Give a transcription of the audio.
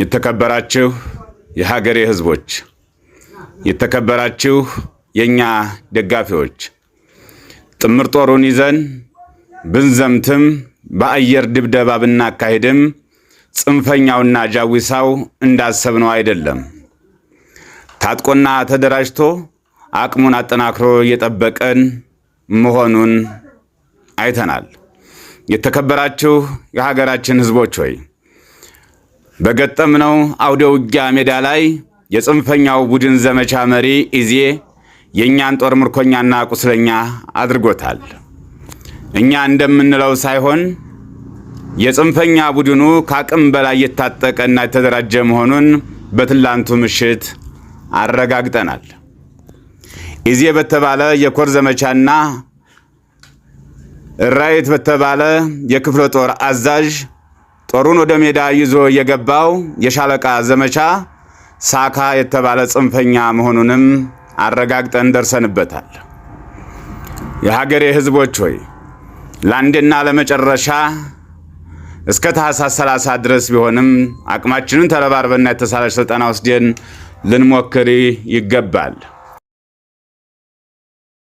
የተከበራችሁ የሀገሬ ህዝቦች የተከበራችሁ የእኛ ደጋፊዎች፣ ጥምር ጦሩን ይዘን ብንዘምትም በአየር ድብደባ ብናካሄድም ጽንፈኛውና ጃዊሳው እንዳሰብነው አይደለም። ታጥቆና ተደራጅቶ አቅሙን አጠናክሮ እየጠበቀን መሆኑን አይተናል። የተከበራችሁ የሀገራችን ህዝቦች ሆይ በገጠምነው አውደ ውጊያ ሜዳ ላይ የጽንፈኛው ቡድን ዘመቻ መሪ ኢዜ የእኛን ጦር ምርኮኛና ቁስለኛ አድርጎታል። እኛ እንደምንለው ሳይሆን የጽንፈኛ ቡድኑ ከአቅም በላይ የታጠቀና የተደራጀ መሆኑን በትላንቱ ምሽት አረጋግጠናል። ኢዜ በተባለ የኮር ዘመቻና ራይት በተባለ የክፍለ ጦር አዛዥ ጦሩን ወደ ሜዳ ይዞ የገባው የሻለቃ ዘመቻ ሳካ የተባለ ጽንፈኛ መሆኑንም አረጋግጠን ደርሰንበታል። የሀገሬ ሕዝቦች ሆይ ለአንድና ለመጨረሻ እስከ ታህሳስ 30 ድረስ ቢሆንም አቅማችንን ተረባርበና የተሳለች ስልጠና ወስደን ልንሞክር ይገባል።